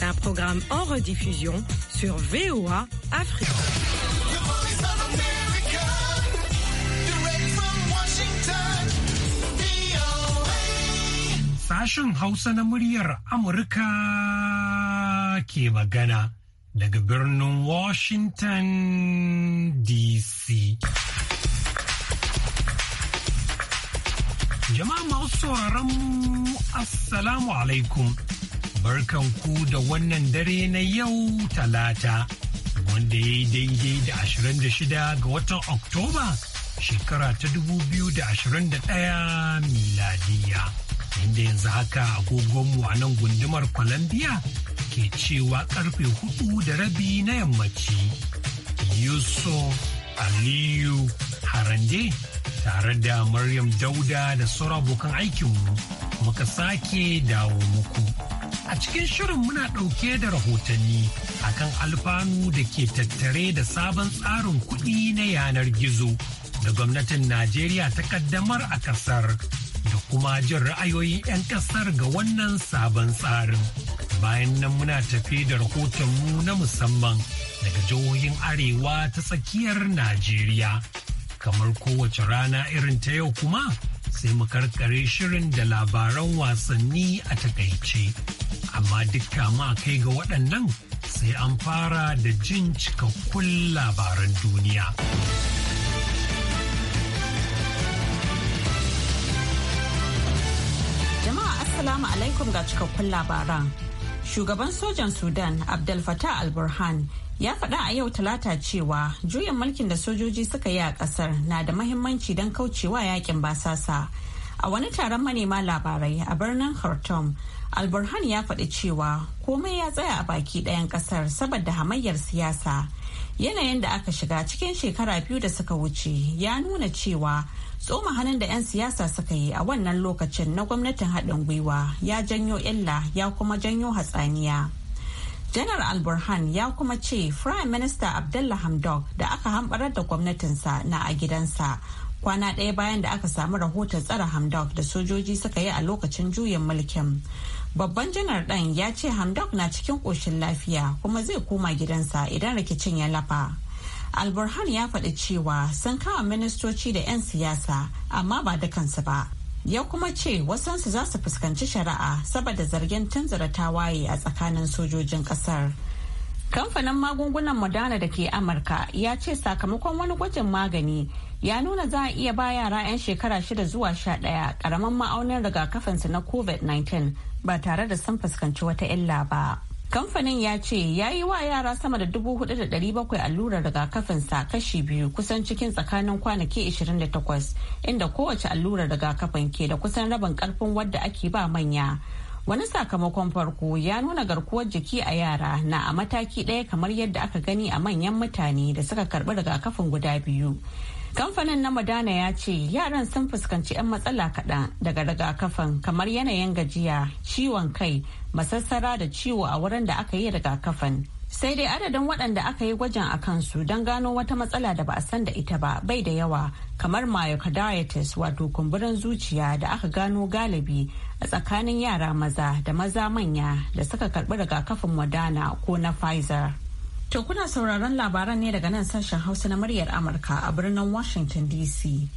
d'un programme en rediffusion sur VOA Afrique. Fashion House na muryar ke magana Washington DC. Assalamu barkan ku da wannan dare na yau talata wanda ya yi daidai da 26 ga watan oktoba shekara ta 2021 miladiya inda yanzu haka agogonmu a nan gundumar columbia ke cewa karfe hudu da rabi na yammaci yusuf aliyu harande tare da maryam dauda da sauran abokan aikinmu muka sake dawo muku. A cikin shirin muna ɗauke da rahotanni a kan alfanu da ke tattare da sabon tsarin kuɗi na yanar gizo da gwamnatin Najeriya ta kaddamar a ƙasar da kuma jin ra'ayoyin 'yan ƙasar ga wannan sabon tsarin. Bayan nan muna tafi da rahotonmu na musamman daga jihohin Arewa ta tsakiyar Najeriya. Kamar kowace rana irin ta yau kuma sai mu karkare shirin da labaran wasanni a takaice. amma dukka ma kai ga waɗannan sai an fara da jin cikakkun labaran duniya. Jama'a Assalamu alaikum ga cikakkun labaran. Shugaban sojan Sudan Abdel Fattah al-Burhan ya faɗa a yau talata cewa juyin mulkin da sojoji suka yi a ƙasar na da mahimmanci don kaucewa yakin basasa. a wani taron manema labarai a birnin khartoum alburhan ya faɗi cewa komai ya tsaya a baki ɗayan ƙasar saboda hamayyar siyasa yanayin da aka shiga cikin shekara biyu da suka wuce ya nuna cewa tsoma hannun da 'yan siyasa suka yi a wannan lokacin na gwamnatin haɗin gwiwa ya janyo illa ya kuma janyo hatsaniya janar alburhan ya kuma ce prime minister abdullah hamdok da aka hambarar da gwamnatinsa na a gidansa kwana ɗaya bayan da aka samu rahoton tsara hamdok da sojoji suka yi a lokacin juyin mulkin babban janar ɗan ya ce hamdok na cikin ƙoshin lafiya kuma zai koma gidansa idan rikicin ya lafa alburhan ya faɗi cewa sun kama ministoci da 'yan siyasa amma ba dukansu ba ya kuma ce wasansu za su fuskanci shari'a saboda zargin tunzura waye a tsakanin sojojin kasar. Kamfanin magungunan Moderna da ke Amurka ya ce sakamakon wani gwajin magani ya nuna za a iya ba yara 'yan shekara shida zuwa sha ɗaya karamin ma'aunin rigakafinsu na COVID-19 ba tare da sun fuskanci wata illa ba. Kamfanin ya ce ya yi wa yara sama da 4,700 allurar rigakafinsa kashi biyu kusan cikin tsakanin kwanaki 28 inda kowace allurar rigakafin ke da kusan rabin karfin wadda ake ba manya. wani sakamakon farko ya nuna garkuwar jiki a yara na a mataki ɗaya kamar yadda aka gani a manyan mutane da suka karɓi rigakafin guda biyu kamfanin na madana ya ce yaran sun fuskanci 'yan matsala kaɗan daga rigakafin kamar yanayin gajiya ciwon kai masassara da ciwo a wurin da aka yi rigakafin sai dai adadin waɗanda aka yi gwajin a kansu don gano wata matsala da ba a san da ita ba bai da yawa kamar myocarditis wato kumburin zuciya da aka gano galibi a tsakanin yara maza da maza manya da suka karɓi rigakafin modana ko na pfizer to kuna sauraron labaran ne daga nan sashen hausa na muryar amurka a birnin washington dc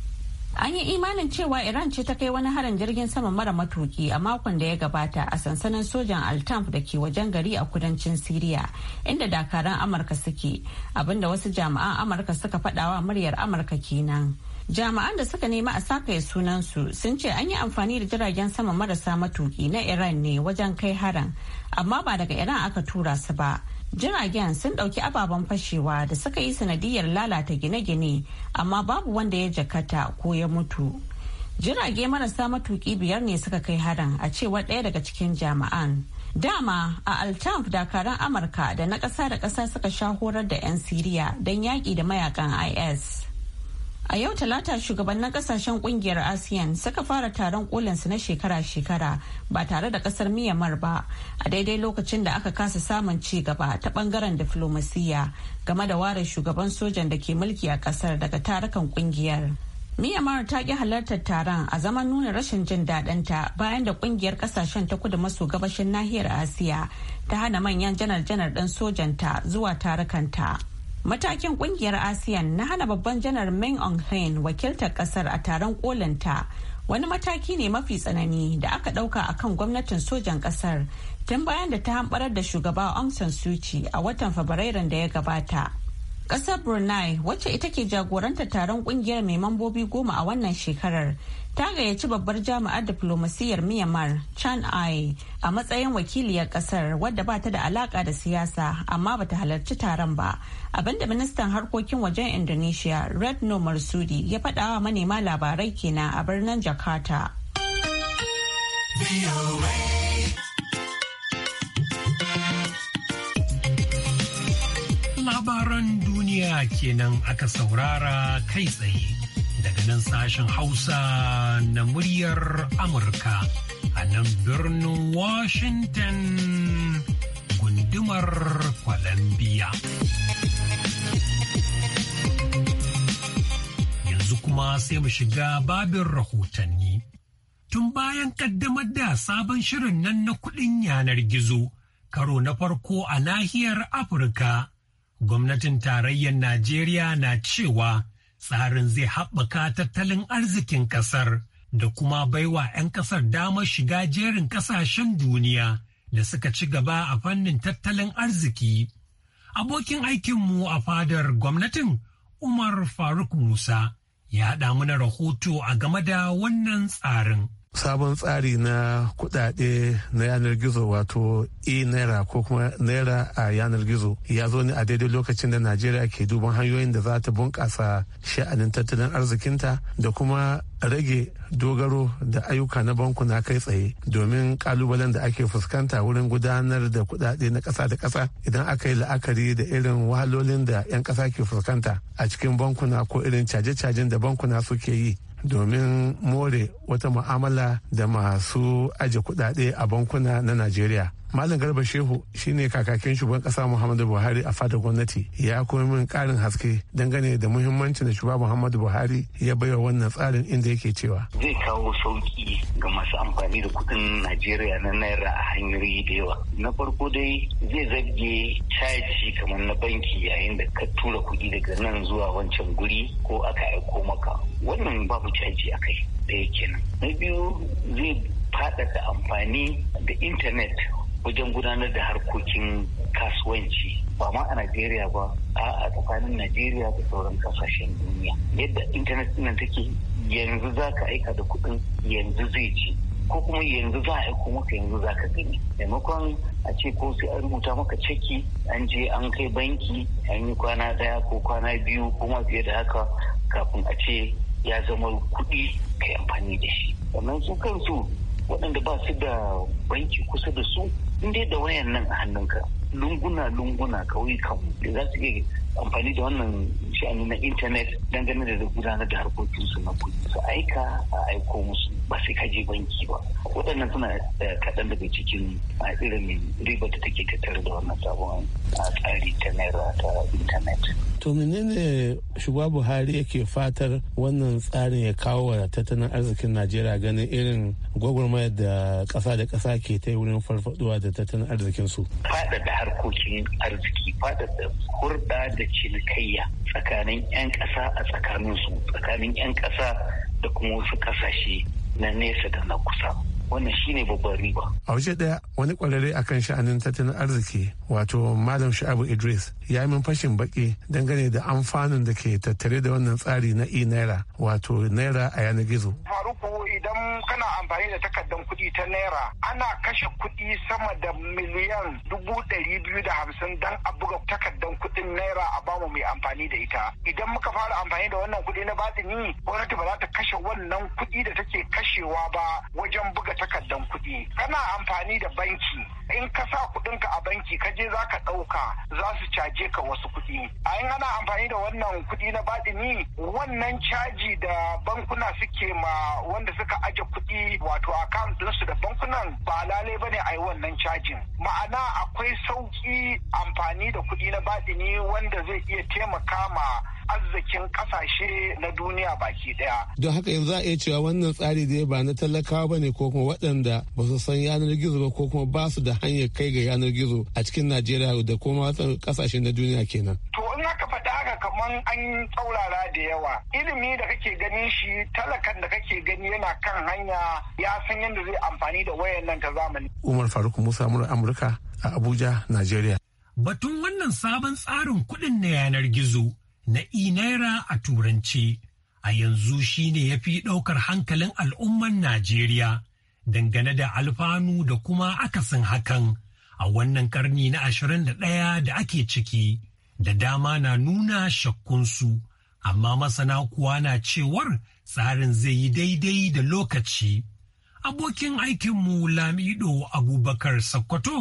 An yi imanin cewa Iran ce ta kai wani harin jirgin sama mara matuki a makon da ya gabata a sansanin sojan Altamf da ke wajen gari a kudancin Siriya inda dakaran Amurka suke abinda wasu jami'an Amurka suka faɗawa muryar Amurka kenan. jami'an da suka nemi a sakaye sunansu sun ce an yi amfani da jiragen sama marasa matuki na iran ne wajen kai harin amma ba daga iran aka tura su ba Jiragen sun ɗauki ababen fashewa da suka yi sanadiyar lalata gine-gine amma babu wanda ya jakata ko ya mutu. Jirage marasa matuki biyar ne suka kai harin a cewa ɗaya daga cikin jami'an. Dama a Altamf dakaran Amurka da na ƙasa da ƙasa suka sha horar da 'yan Siriya don yaƙi da mayakan IS. A yau talata shugabannin kasashen kungiyar ASEAN suka fara taron kolinsu na shekara-shekara ba tare da kasar Miyamar ba a daidai lokacin da aka kasa samun ci gaba ta bangaren diflomasiya game da ware shugaban sojan da ke mulki a kasar daga tarukan kungiyar. Myanmar ta ki halartar taron a zaman nuna rashin jin daɗinta bayan da kungiyar kasashen ta kudu maso gabashin nahiyar Asiya ta hana manyan janar-janar ɗin sojanta zuwa tarukanta. Matakin kungiyar ASEAN na hana babban janar Meng on hain wakiltar kasar a taron kolinta wani mataki ne mafi tsanani da aka dauka kan gwamnatin sojan kasar tun bayan da ta hamɓarar da shugaba Aung San Suu a watan Fabrairun da ya gabata. Kasar Brunei wacce ita ke jagorantar taron kungiyar mai mambobi goma a wannan shekarar ta gayyaci babbar jami'ar diflomasiyyar myanmar chan ai a matsayin wakiliyar kasar wadda ba ta da alaka da siyasa amma ba ta halarci taron ba abinda ministan harkokin wajen indonesia red redno marsudi ya faɗawa manema labarai kenan a birnin jakarta labaran duniya kenan aka saurara kai tsaye nan sashen Hausa na muryar Amurka a nan birnin Washington gundumar Columbia. Yanzu kuma sai mu shiga babin rahotanni. Tun bayan kaddamar da sabon shirin nan na kuɗin yanar gizo, karo na farko a nahiyar Afirka, gwamnatin tarayyar Najeriya na cewa tsarin zai haɓaka tattalin arzikin ƙasar da kuma baiwa 'yan ƙasar damar shiga jerin ƙasashen duniya da suka ci gaba a fannin tattalin arziki. Abokin aikinmu a fadar gwamnatin Umar Faruk Musa ya haɗa mana rahoto a game da wannan tsarin. sabon tsari na kudade na yanar gizo wato e-naira ko kuma naira a yanar gizo ya zo ne a daidai lokacin da najeriya ke duban hanyoyin da za ta bunkasa sha'anin tattalin arzikinta da kuma rage dogaro da ayyuka na bankuna kai tsaye domin kalubalen da ake fuskanta wurin gudanar da kudade na ƙasa da ƙasa idan aka yi la'akari da irin wahalolin da 'yan ƙasa ke fuskanta a cikin bankuna ko irin caje-cajen da bankuna suke yi domin more wata mu'amala da masu aje kudade a bankuna na najeriya Malam Garba Shehu shine kakakin shugaban kasa Muhammadu Buhari a fadar gwamnati ya kuma min karin haske dangane da muhimmancin da shugaban Muhammadu Buhari ya baiwa wannan tsarin inda yake cewa. Zai kawo sauki ga masu amfani da kuɗin Najeriya na naira a hanyoyi da yawa. Na farko dai zai zarge caji kamar na banki yayin da ka tura kuɗi daga nan zuwa wancan guri ko aka aiko maka. Wannan babu caji a kai ɗaya kenan. Na biyu zai faɗaɗa amfani da intanet wajen gudanar da harkokin kasuwanci ba ma a Najeriya ba a tsakanin Najeriya da sauran kasashen duniya yadda intanet nan take yanzu za ka aika da kuɗin yanzu zai ci ko kuma yanzu za a aiko maka yanzu za ka gani maimakon a ce ko sai an rubuta maka ceki an je an kai banki an yi kwana ɗaya ko kwana biyu ko ma fiye da haka kafin a ce ya zama kuɗi kai amfani da shi sannan su kansu waɗanda ba su da banki kusa da su in dai da wayan nan a hannunka lunguna lunguna kauyukan da za su iya amfani da wannan sha'ani na intanet dangane da gudanar da harkokinsu na kuɗi su aika a aiko musu ba sai ka je banki ba waɗannan suna eh, kaɗan daga cikin a irin riba da take tattare da wannan sabon tsari ta naira ta intanet to menene shugaba buhari yake fatar wannan tsarin ya kawo wa tattalin arzikin najeriya ganin irin gwagwarmayar da ƙasa da ƙasa ke ta wurin farfaduwa da tattalin arzikinsu. Faɗaɗa harkokin arziki, faɗaɗa hurɗa da cinikayya tsakanin 'yan ƙasa a tsakaninsu, tsakanin 'yan ƙasa da kuma wasu ƙasashe na nesa da na kusa. wannan shine babban riba. A waje ɗaya wani kwararre akan sha'anin tattalin arziki wato Malam Sha'abu Idris ya yi min fashin baki dangane da amfanin da ke tattare da wannan tsari na e-naira wato naira a yanar gizo. Faruku idan kana amfani da takardar kuɗi ta naira ana kashe kuɗi sama da miliyan dubu ɗari biyu da hamsin dan a buga takardar kuɗin naira a bamu mai amfani da ita. Idan muka fara amfani da wannan kuɗi na batini gwamnati ba za ta wannan kuɗi da take kashewa ba wajen buga takardan kuɗi kana amfani da banki in ka sa kuɗinka a banki ka je za ka ɗauka za su caje ka wasu kuɗi a yin ana amfani da wannan kuɗi na baɗini wannan caji da bankuna suke ma wanda suka aje kuɗi wato account ɗinsu da bankunan ba lalai ne a yi wannan cajin ma'ana akwai sauƙi amfani da kuɗi na baɗini wanda zai iya taimaka ma arzikin kasashe na duniya baki daya. Don haka yanzu a iya cewa wannan tsari da ba na talakawa ba ne ko kuma waɗanda ba su san yanar gizo ba ko kuma ba su da hanyar kai ga yanar gizo a cikin Najeriya da kuma kasashe na duniya kenan. To in aka faɗa haka kaman an tsaurara da yawa ilimi da kake ganin shi talakan da kake gani yana kan hanya ya san yadda zai amfani da wayan nan ta zamani. Umar Faruk Musa Amurka a Abuja, Najeriya. Batun wannan sabon tsarin kudin na yanar gizo na e-naira a turanci a yanzu shine ya fi ɗaukar hankalin al'umman Najeriya dangane da alfanu da kuma akasin hakan a wannan karni na 21 da ake ciki da dama na nuna shakkunsu amma masana kuwa na cewar tsarin zai yi daidai da lokaci. Abokin aikinmu Lamido Abubakar Sakkwato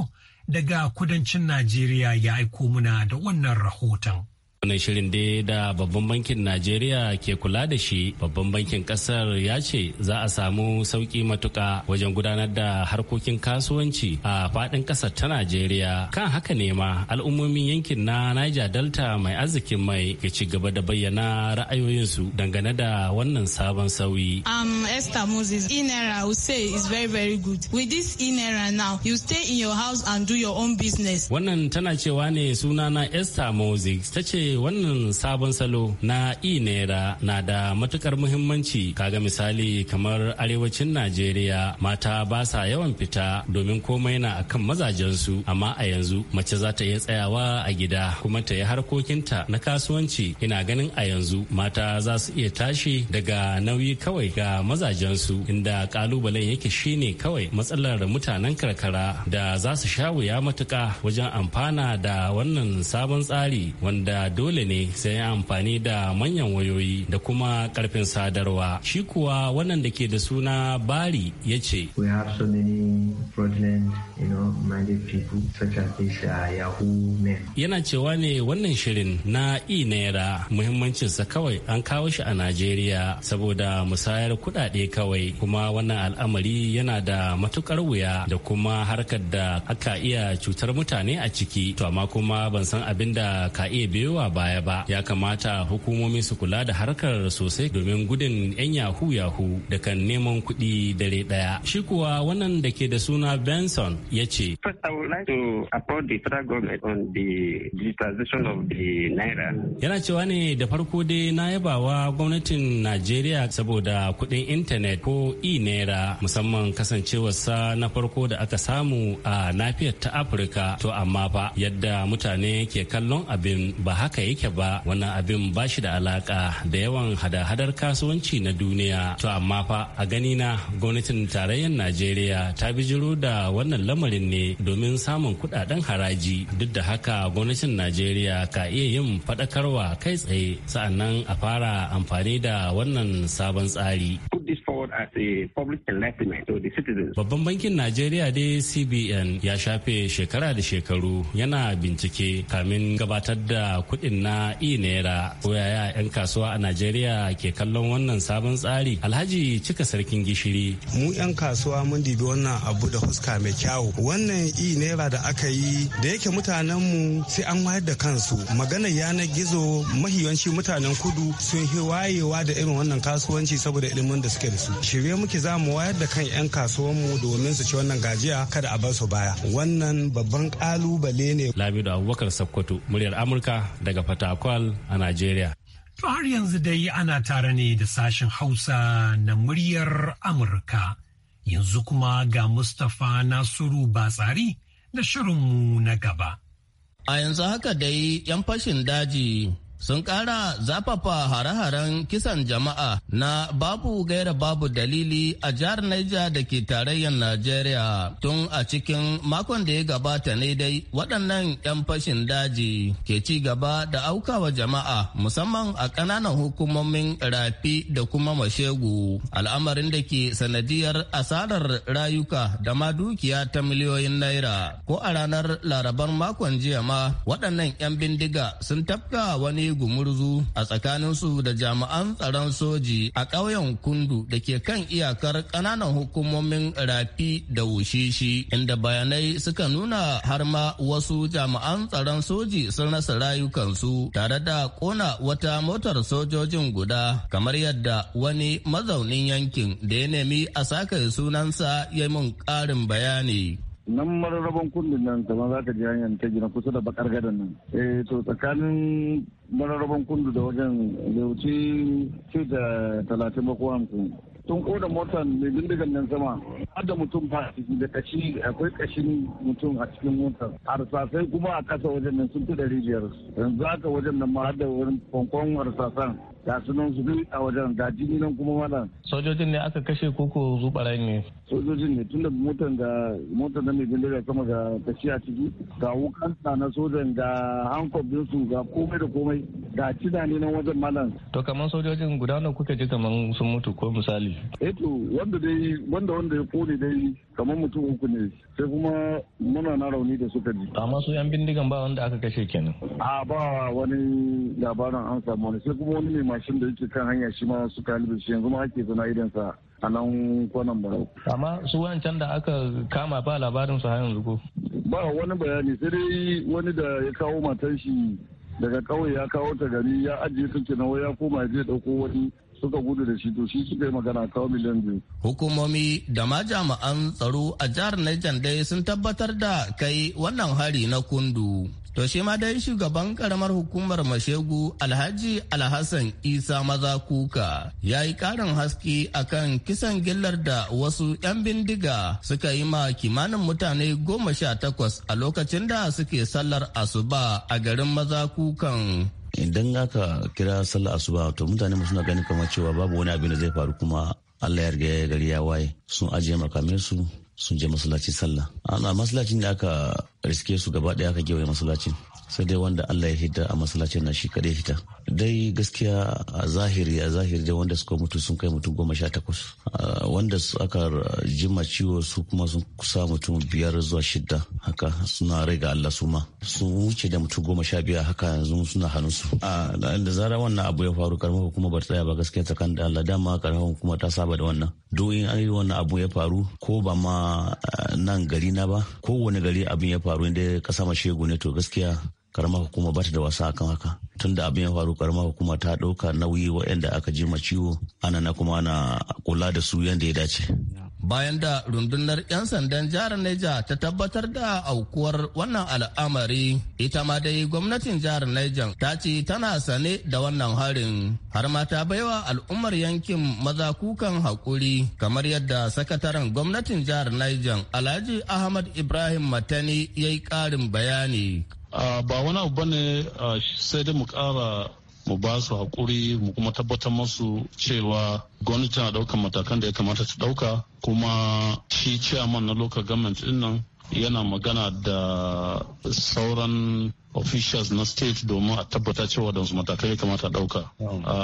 daga kudancin Najeriya ya aiko muna da wannan rahoton. Wannan shirin dai da babban bankin Najeriya ke kula da shi babban bankin kasar ya ce za a samu sauki matuka wajen gudanar da harkokin kasuwanci a faɗin kasar ta Najeriya. Kan haka ne ma al'ummomin yankin na Niger Delta mai arzikin mai ke ci gaba da bayyana ra'ayoyinsu dangane da wannan sabon sauyi. Um, Esther Moses, Inera will say is very very good. With this Inera now, you stay in your house and do your own business. Wannan tana cewa ne sunana Esther Moses ta ce wannan sabon salo na inera na da matukar muhimmanci kaga misali kamar arewacin najeriya mata ba sa yawan fita domin komai na akan mazajensu amma a yanzu mace za ta iya tsayawa a gida kuma ta yi harkokinta na kasuwanci ina ganin a yanzu mata za su iya tashi daga nauyi kawai ga mazajensu inda kalubalen yake shine kawai matsalar mutanen karkara da za su sha wuya matuka wajen amfana da wannan sabon tsari wanda dole ne sai ya amfani da manyan wayoyi da kuma karfin sadarwa shi kuwa wannan da ke da suna bari ya ce we have so many fraudulent you know people such as this uh, yahoo men yana cewa ne wannan shirin na e naira muhimmancinsa kawai an kawo shi a najeriya saboda musayar kudade kawai kuma wannan al'amari yana da matukar wuya da kuma harkar da aka iya cutar mutane a ciki to amma kuma ban san abin da ka iya biyowa baya ba ya kamata hukumomi su kula da harkar sosai domin gudun 'yan yahu yahu da kan neman kuɗi dare ɗaya shi kuwa wannan da ke da suna benson ya ce yana cewa ne da farko dai na yabawa gwamnatin najeriya saboda kuɗin intanet ko e-naira musamman kasancewarsa na farko da aka samu a nafiyar ta afirka to amma fa yadda mutane ke kallon abin ba haka haka yake ba wannan abin ba shi da alaka da yawan hada-hadar kasuwanci na duniya to amma fa a gani na gwamnatin tarayyar najeriya ta bijiro da wannan lamarin ne domin samun kudaden haraji duk da haka gwamnatin najeriya ka iya yin fadakarwa kai tsaye sa'annan a fara amfani da wannan sabon tsari public to Babban bankin Najeriya dai CBN ya shafe shekara da shekaru yana bincike kamin gabatar da kuɗin na e-naira ko yaya 'yan kasuwa a Najeriya ke kallon wannan sabon tsari Alhaji cika sarkin gishiri. Mu 'yan kasuwa mun dibi wannan abu da huska mai kyawu. Wannan e-naira da aka yi da yake mutanenmu sai an wayar da kansu. Maganar yanar gizo mahiyanci mutanen kudu sun hiwayewa da irin wannan kasuwanci saboda ilimin da suke da su. shirye muke za mu wayar da kan 'yan kasuwanmu domin su ci wannan gajiya kada a bar su baya wannan babban kalubale ne lamido abubakar sakkwato muryar amurka daga fatakwal a najeriya to har yanzu dai ana tare ne da sashen hausa na muryar amurka yanzu kuma ga mustapha nasiru batsari da shirinmu na gaba a yanzu haka dai 'yan fashin daji sun ƙara zafafa hare-haren kisan jama'a na babu gaira babu dalili a jihar Niger da ke tarayyar Najeriya tun a cikin makon da ya gabata ne dai waɗannan 'yan fashin daji ke ci gaba da aukawa jama'a musamman a ƙananan hukumomin rafi da kuma mashegu al'amarin da ke sanadiyar asarar rayuka da ma dukiya ta miliyoyin naira ko a ranar larabar makon jiya ma waɗannan 'yan bindiga sun tafka wani gumurzu a tsakaninsu da jami'an tsaron soji a ƙauyen kundu da ke kan iyakar ƙananan hukumomin rafi da wushishi inda bayanai suka nuna har ma wasu jami'an tsaron soji sun rasa rayukansu tare da ƙona wata motar sojojin guda kamar yadda wani mazaunin yankin da ya nemi a saka sunansa ya mun ƙarin bayani nan mararraban kundin nan kamar za ka ji hanyar ta gina kusa da bakar gadan nan eh to tsakanin mararraban kundu da wajen da ce da talatin ba ko koda motar mai bindigan nan sama har da mutum ba ciki da kashi akwai kashin mutum a cikin motar harsasai kuma a kasa wajen nan sun fi ɗari biyar yanzu haka wajen nan ma har da wurin kwankwan harsasan ga sunan su bi a wajen ga jini nan kuma malam sojojin ne aka kashe koko zu ne sojojin ne tunda motar da motar da mai bindiga kama ga kashi a ciki ga wukan na sojan ga hankop din su ga komai da komai ga cida ne nan wajen malam to kamar sojojin guda na kuka ji kaman sun mutu ko misali eh to wanda dai wanda wanda ya kone dai kamar mutum uku ne sai kuma muna na rauni da suka ji amma su yan bindigan ba wanda aka kashe kenan a ba wani labarin an samu wani sai kuma wani mai mashin da yake kan hanya shi ma suka halbe shi yanzu ma ake zana idan sa a nan kwanan barau amma su wancan da aka kama ba labarin su har yanzu ko ba wani bayani sai dai wani da ya kawo matan shi daga kauye ya kawo ta gari ya ajiye ta kenan ya koma ya je dauko wani suka gudu da shi to shi suka yi magana kawo miliyan biyu. Hukumomi da ma jami'an tsaro a jihar Niger dai sun tabbatar da kai wannan hari na kundu. To shi ma dai shugaban karamar hukumar Mashegu Alhaji Alhassan Isa Maza Kuka ya yi karin haske akan kisan gillar da wasu 'yan bindiga suka yi ma kimanin mutane goma sha takwas a lokacin da suke sallar asuba a garin Maza Kukan idan aka kira sallah asuba to mutane mu suna ganin kamar cewa babu wani abin da zai faru kuma Allah ya riga gari ya waye sun ajiye makamin su sun je masallacin sallah ana masallacin da aka riske su gaba daya aka gewaye masallacin sai dai wanda Allah ya hidda a masallacin na shi kadai hita dai gaskiya a zahiri a zahiri dai wanda suka mutu sun kai mutum goma sha takwas wanda aka jima ciwo su kuma sun kusa mutum biyar zuwa shida haka suna rai ga Allah su ma su wuce da mutum goma sha biyar haka yanzu suna hannun su a da zara wannan abu ya faru karamar kuma ba tsaya ba gaskiya tsakanin da Allah dama karamar kuma ta saba da wannan duk in an yi wannan abu ya faru ko ba ma eh, nan gari na ba ko kowane gari abin ya faru inda kasa shegu ne to gaskiya karamar hukuma bata da wasa akan haka tun abin ya faru karama hukuma ta ɗauka nauyi waɗanda aka ji ciwo ana na kuma ana kula da su yadda ya dace bayan da rundunar 'yan sandan jihar Niger ta tabbatar da aukuwar wannan al'amari ita ma dai gwamnatin jihar Niger ta ce tana sane da wannan harin har ma ta baiwa al'ummar yankin maza kukan hakuri, kamar yadda sakataren gwamnatin jihar Niger Alhaji Ahmad Ibrahim Matani ya yi ƙarin bayani Ah, ba wani abu bane ah, sai dai mu kara mu ba su haƙuri mu kuma tabbatar masu cewa gwamnati tana ɗaukar matakan da ya kamata ta ɗauka kuma shi ciyaman na local government din nan yana magana da sauran officials na state domin a tabbata cewa ah, da matakai kamata dauka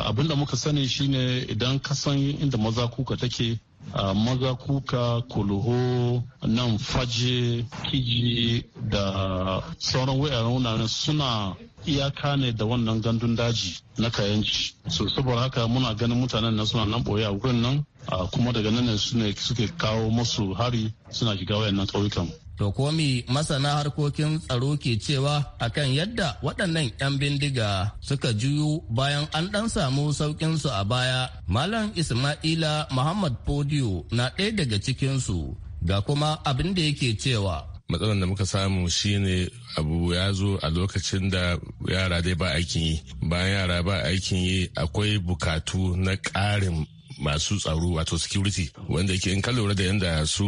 abinda muka sani shine idan ka san inda maza kuka take ah, maza kuka kuluho nan faje kiji da sauran wuraren wuraren suna iyaka ne da wannan gandun daji na kayanci so saboda haka muna ganin mutanen nan suna nan boye a wurin nan ah, kuma daga nan ne suke kawo masu hari suna shiga wayan nan ƙauyukan To komi masana harkokin tsaro ke cewa akan yadda waɗannan 'yan bindiga suka juyo bayan an ɗan samu sauƙinsu a baya. Malam Ismaila Muhammad Podio na ɗaya daga cikinsu ga kuma abin da yake cewa. matsalar da muka samu shine abu ya zo a lokacin da yara dai ba aikin yi bayan yara ba aikin yi akwai bukatu na ƙarin masu tsaro wato security wanda ke in ka lura da yanda su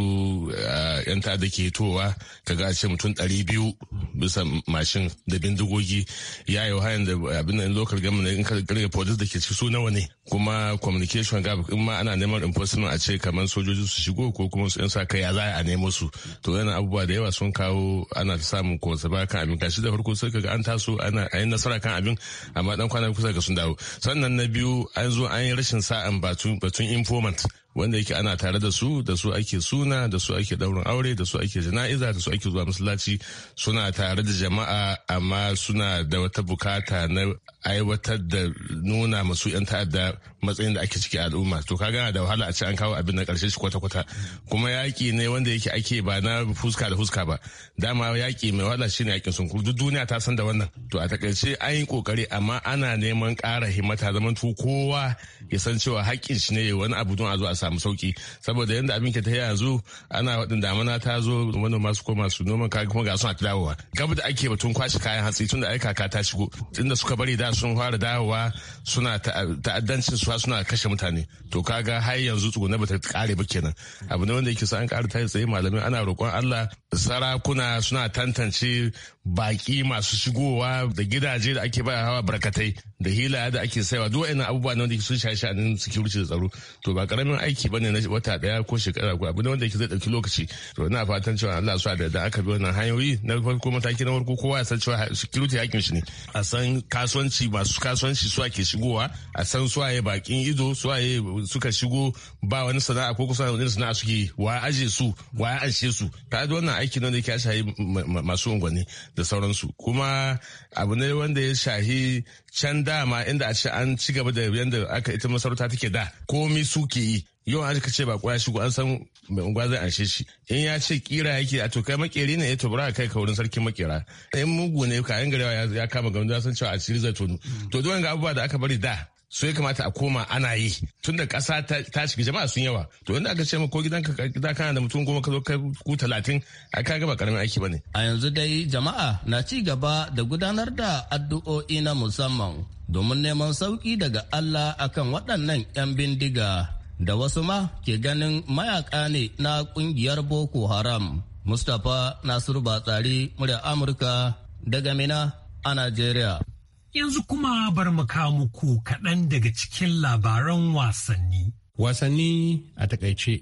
yan ta'adda ke towa kaga a ce mutum ɗari biyu bisa mashin da bindigogi ya yi wahayan da abin nan local government in ka rage police da ke ci su nawa ne kuma communication gab in ma ana neman enforcement a ce kamar sojoji su shigo ko kuma su yan sa ya za a nemo su to yana abubuwa da yawa sun kawo ana samun ko ba kan abin gashi da farko sai kaga an taso ana a yi nasara kan abin amma dan kwana kusa ga sun dawo sannan na biyu an zo an yi rashin sa'an batu between informants wanda yake ana tare da su da su ake suna da su ake daurin aure da su ake jana'iza da su ake zuwa masallaci suna tare da jama'a amma suna da wata bukata na aiwatar da nuna masu 'yan ta'adda matsayin da ake ciki al'umma to ka gana da wahala a ce an kawo abin na karshe shi kwata-kwata kuma yaƙi ne wanda yake ake ba na fuska da fuska ba dama yaƙi mai wahala shi ne yaƙin sun duk duniya ta san da wannan to a takaice an yi kokari amma ana neman ƙara himmata zaman kowa ya san cewa haƙƙin shi ne wani abu don a zo a samu sauki saboda yadda abin ke ta yanzu ana waɗin damana ta zo manoma su koma su noman kaga kuma ga suna dawowa gab da ake batun kwashe kayan hatsi tun da ai kaka ta shigo inda suka bari da sun fara dawowa suna ta'addancin su suna kashe mutane to kaga har yanzu tsuguna ba ta kare ba kenan abu ne wanda yake sa an kara ta tsaye malamai ana roƙon Allah sarakuna suna tantance baki masu shigowa da gidaje da ake baya hawa barkatai da hila da ake saiwa duk wa'annan abubuwa ne wanda sun shafi suke security da tsaro to ba karamin aiki ne na wata daya ko shekara ko abu ne wanda zai dauki lokaci to ina fatan cewa Allah su da da aka bi wannan hanyoyi na farko mataki na farko kowa ya san cewa security hakin shi ne a san kasuwanci masu kasuwanci su ake shigowa a san su waye bakin ido su waye suka shigo ba wani sana'a ko kusa wani sana'a suke wa aje su wa ashe su ta wannan aiki ne wanda yake shaye masu unguwanni da sauransu kuma abu ne wanda ya shahi can dama inda a ce an ci gaba da yadda aka ita masarauta take da komi suke yi yau an ka ce ba kwaya shigo an san mai unguwa zai anshe shi in ya ce kira yake a to kai makeri ne ya eh, to bura kai ka wurin sarkin makera in mugu ne ka yin garewa ya kama gamdu ya san cewa a cikin zai tonu to duk wani abubuwa da aka bari da so ya kamata a koma ana yi tun da ƙasa ta shiga jama'a sun yawa to inda aka ce ma ko gidan gida kana da mutum goma ka zo ku talatin a ka gaba karamin aiki bane. a yanzu dai jama'a na ci gaba da gudanar da addu'o'i na musamman domin neman sauki daga Allah akan waɗannan 'yan bindiga da wasu ma ke ganin mayaka ne na ƙungiyar Boko Haram. Mustapha Nasiru Batsari, murya Amurka daga Mina a Najeriya. Yanzu kuma bar mu kawo muku kaɗan daga cikin labaran wasanni. Wasanni a takaice.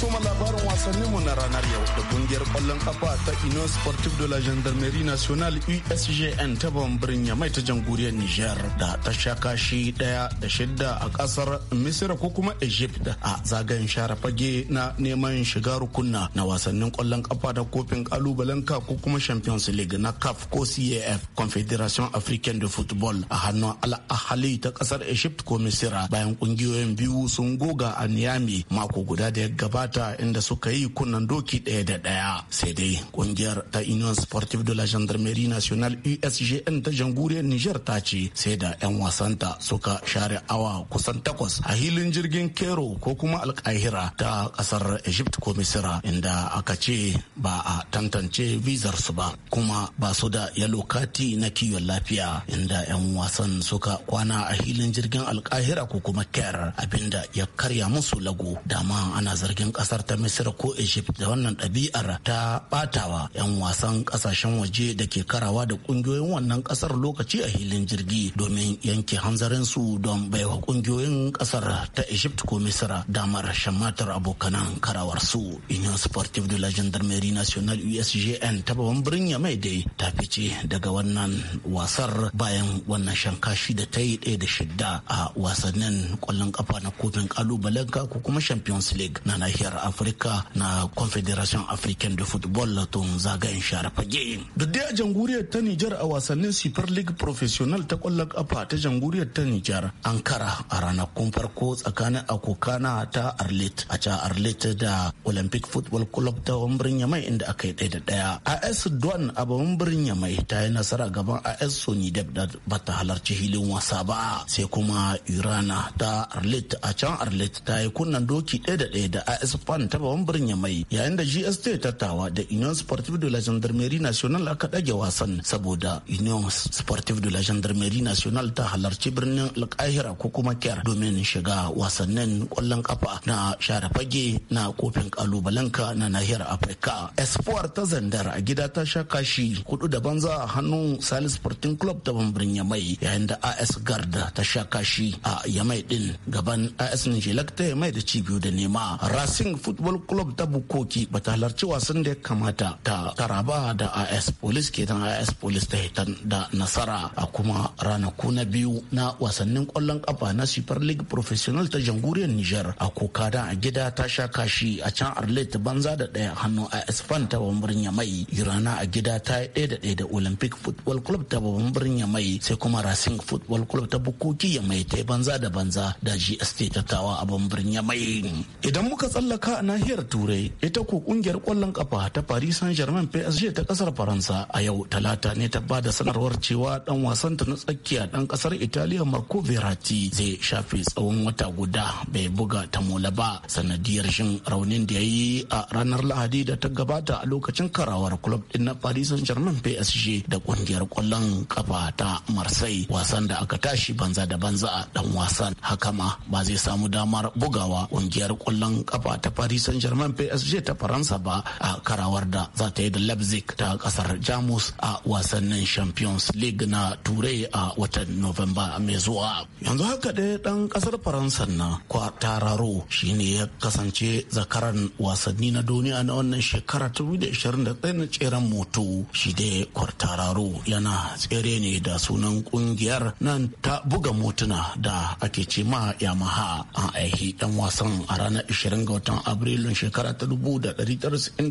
soma labarin wasanninmu na ranar yau da kungiyar kwallon kafa ta Union Sportive de la Gendarmerie Nationale USGN ta bambirin Yamai ta jamhuriyar Niger da ta sha kashi daya da shidda a kasar Misira ko kuma Egypt a zagayen share fage na neman shiga rukunna na wasannin kwallon kafa da kofin kalubalen ka ko kuma Champions League na CAF ko CAF Confederation Africaine de Football a hannun Al Ahly ta kasar Egypt ko Misira bayan kungiyoyin biyu sun goga a Niamey mako guda da ya gabata gabata inda suka yi kunnan doki ɗaya da ɗaya sai dai kungiyar ta union sportive de la gendarmerie nationale usgn ta janguriyar niger ta ce sai da 'yan wasanta suka share awa kusan takwas a hilin jirgin kero ko kuma alkahira ta ƙasar egypt ko misira inda aka ce ba a tantance vizar su ba kuma ba su da yalo kati na kiwon lafiya inda 'yan wasan suka kwana a hilin jirgin alkahira ko kuma ker abinda ya karya musu lago dama ana zargin kasar ta misir ko egypt da wannan ɗabi'ar ta batawa 'yan wasan kasashen waje da ke karawa da ƙungiyoyin wannan ƙasar lokaci a hilin jirgi domin yanke hanzarin su don baiwa ƙungiyoyin ƙasar ta egypt ko misira damar shammatar abokanan karawar su union sportive de la gendarmerie nationale usgn ta babban birnin mai dai ta fice daga wannan wasar bayan wannan shankashi da ta yi ɗaya da shidda a wasannin ƙwallon kafa na kofin kalubalen ko kuma champions league na nahiyar nahiyar afirka na confederation african de football tun zagayen share fage da dai a jamhuriyar ta nijar a wasannin super league professional ta kwallon kafa ta jamhuriyar ta nijar an kara a ranakun farko tsakanin akokana ta arlet a ca arlet da olympic football club ta birnin yamai inda aka yi ɗaya da ɗaya s don a wambirin yamai ta yi nasara gaban s sony deb da bata halarci hilin wasa ba sai kuma irana ta arlet a can arlet ta yi kunnan doki ɗaya da ɗaya da as fan ta babban birnin mai yayin da gst tawa da union sportive de la gendarmerie nationale aka ɗage wasan saboda union sportive de la gendarmerie nationale ta halarci birnin alkahira ko kuma kyar domin shiga wasannin kwallon kafa na share fage na kofin kalubalenka na nahiyar afirka espoir ta zandar a gida ta sha kashi hudu da banza a hannun salis sporting club ta bambirin yamai yayin da as garda ta sha kashi a yamai din gaban as nijelak ta yamai da cibiyu da nema ras racing football club ta bukoki ba ta halarci wasan da ya kamata ta karaba da as police ke as police ta hitan da nasara a kuma ranaku na biyu na wasannin kwallon kafa na super league professional ta jamhuriyar niger a kokada a gida ta sha kashi a can arlet banza da daya hannu as fan ta bambarin yamai yurana a gida ta yi daya da daya da olympic football club ta bambarin yamai sai kuma racing football club ta bukoki yamai ta banza da banza da gst ta tawa a bambirin yamai idan muka tsalla mallaka a nahiyar turai ita ko kungiyar kwallon kafa ta paris saint germain psg ta kasar faransa a yau talata ne ta bada sanarwar cewa dan wasanta na tsakiya dan kasar italiya marco verratti zai shafe tsawon wata guda bai buga ta mola ba sanadiyar shin raunin da ya yi a ranar lahadi da ta gabata a lokacin karawar club din na paris saint germain psg da kungiyar kwallon kafa ta marseille wasan da aka tashi banza da banza a dan wasan haka ma ba zai samu damar bugawa kungiyar kwallon kafa ta Paris Saint-Germain PSG ta Faransa ba a karawar da za ta yi da Leipzig ta kasar Jamus a wasannin Champions League na Turai a watan Nuwamba mai zuwa. Yanzu haka dai dan kasar Faransa na kwa shi shine ya kasance zakaran wasanni na duniya na wannan shekara 2021 na tseren moto shi dai kwartararo yana tsere ne da sunan kungiyar nan ta buga motuna da ake ce ma Yamaha a aiki dan wasan a ranar 20 ga wata. watan Abrilun shekara ta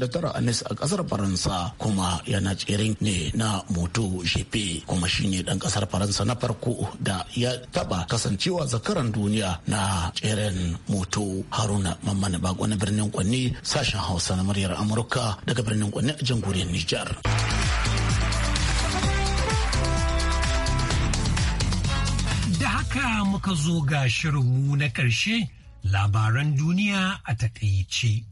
tara a Nice a kasar Faransa kuma yana tseren ne na moto GP kuma shine dan kasar Faransa na farko da ya taba kasancewa zakaran duniya na tseren moto Haruna Mamman Bago na birnin Kwanni sashen Hausa na muryar Amurka daga birnin Kwanni a jamhuriyar Nijar. Da haka muka zo ga shirinmu na ƙarshe labaran duniya a takaice.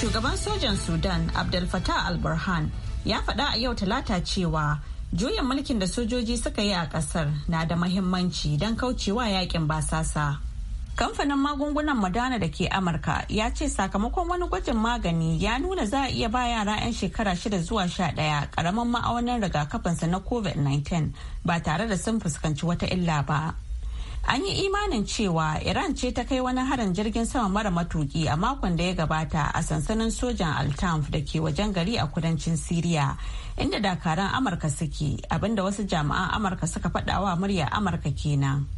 Shugaban sojan Sudan Abdel Fattah al-Burhan ya faɗa a yau talata cewa juyin mulkin da sojoji suka yi a ƙasar na da mahimmanci don kaucewa yakin basasa. Kamfanin magungunan Madana da ke Amurka ya ce sakamakon wani gwajin magani ya nuna za a iya ba yara 'yan shekara shida zuwa sha ɗaya karamin ma'aunin rigakafinsa na COVID-19 ba tare da sun fuskanci wata illa ba. An yi imanin cewa Iran ce ta kai wani harin jirgin sama mara matuki a makon da ya gabata a sansanin sojan Altamf da ke wajen gari a kudancin Siriya inda dakaran Amurka suke abinda wasu jami'an Amurka suka faɗawa murya Amurka kenan.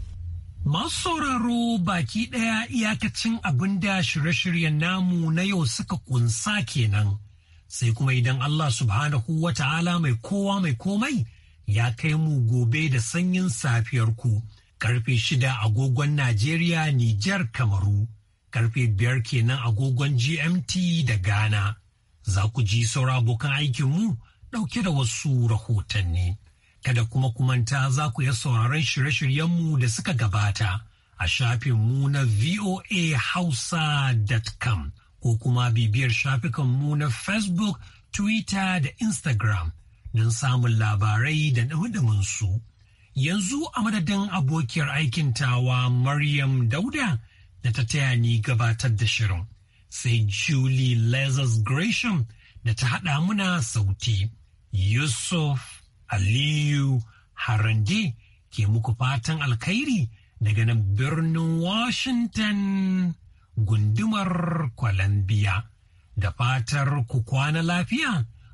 Masu sauraro baki ɗaya iyakacin abin da shirye-shiryen namu na yau suka kunsa kenan. Sai kuma idan Allah subhanahu wa ta'ala mai kowa mai komai ya kai mu gobe da sanyin safiyar ku. Karfe shida agogon Najeriya, Nijar, Kamaru. Karfe biyar kenan agogon GMT da Ghana. Za ku ji saura abokan aikinmu ɗauke da wasu rahotanni. Kada kuma kumanta za ku iya sauraron shirye-shiryenmu da suka gabata a shafinmu na voahausa.com ko kuma bibiyar shafikanmu na Facebook, Twitter da Instagram don samun labarai da su. Yanzu a madadin abokiyar aikin tawa Maryam Dauda da ta taya ni gabatar da shirin, sai Julie Lazarus Gresham da ta haɗa muna sauti. Yusuf Aliyu Harande ke muku fatan alkhairi daga nan birnin Washington gundumar Columbia. Da fatar ku kwana lafiya,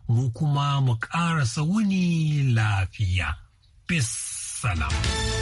mu kuma mu ƙara sauni lafiya. Peace salam.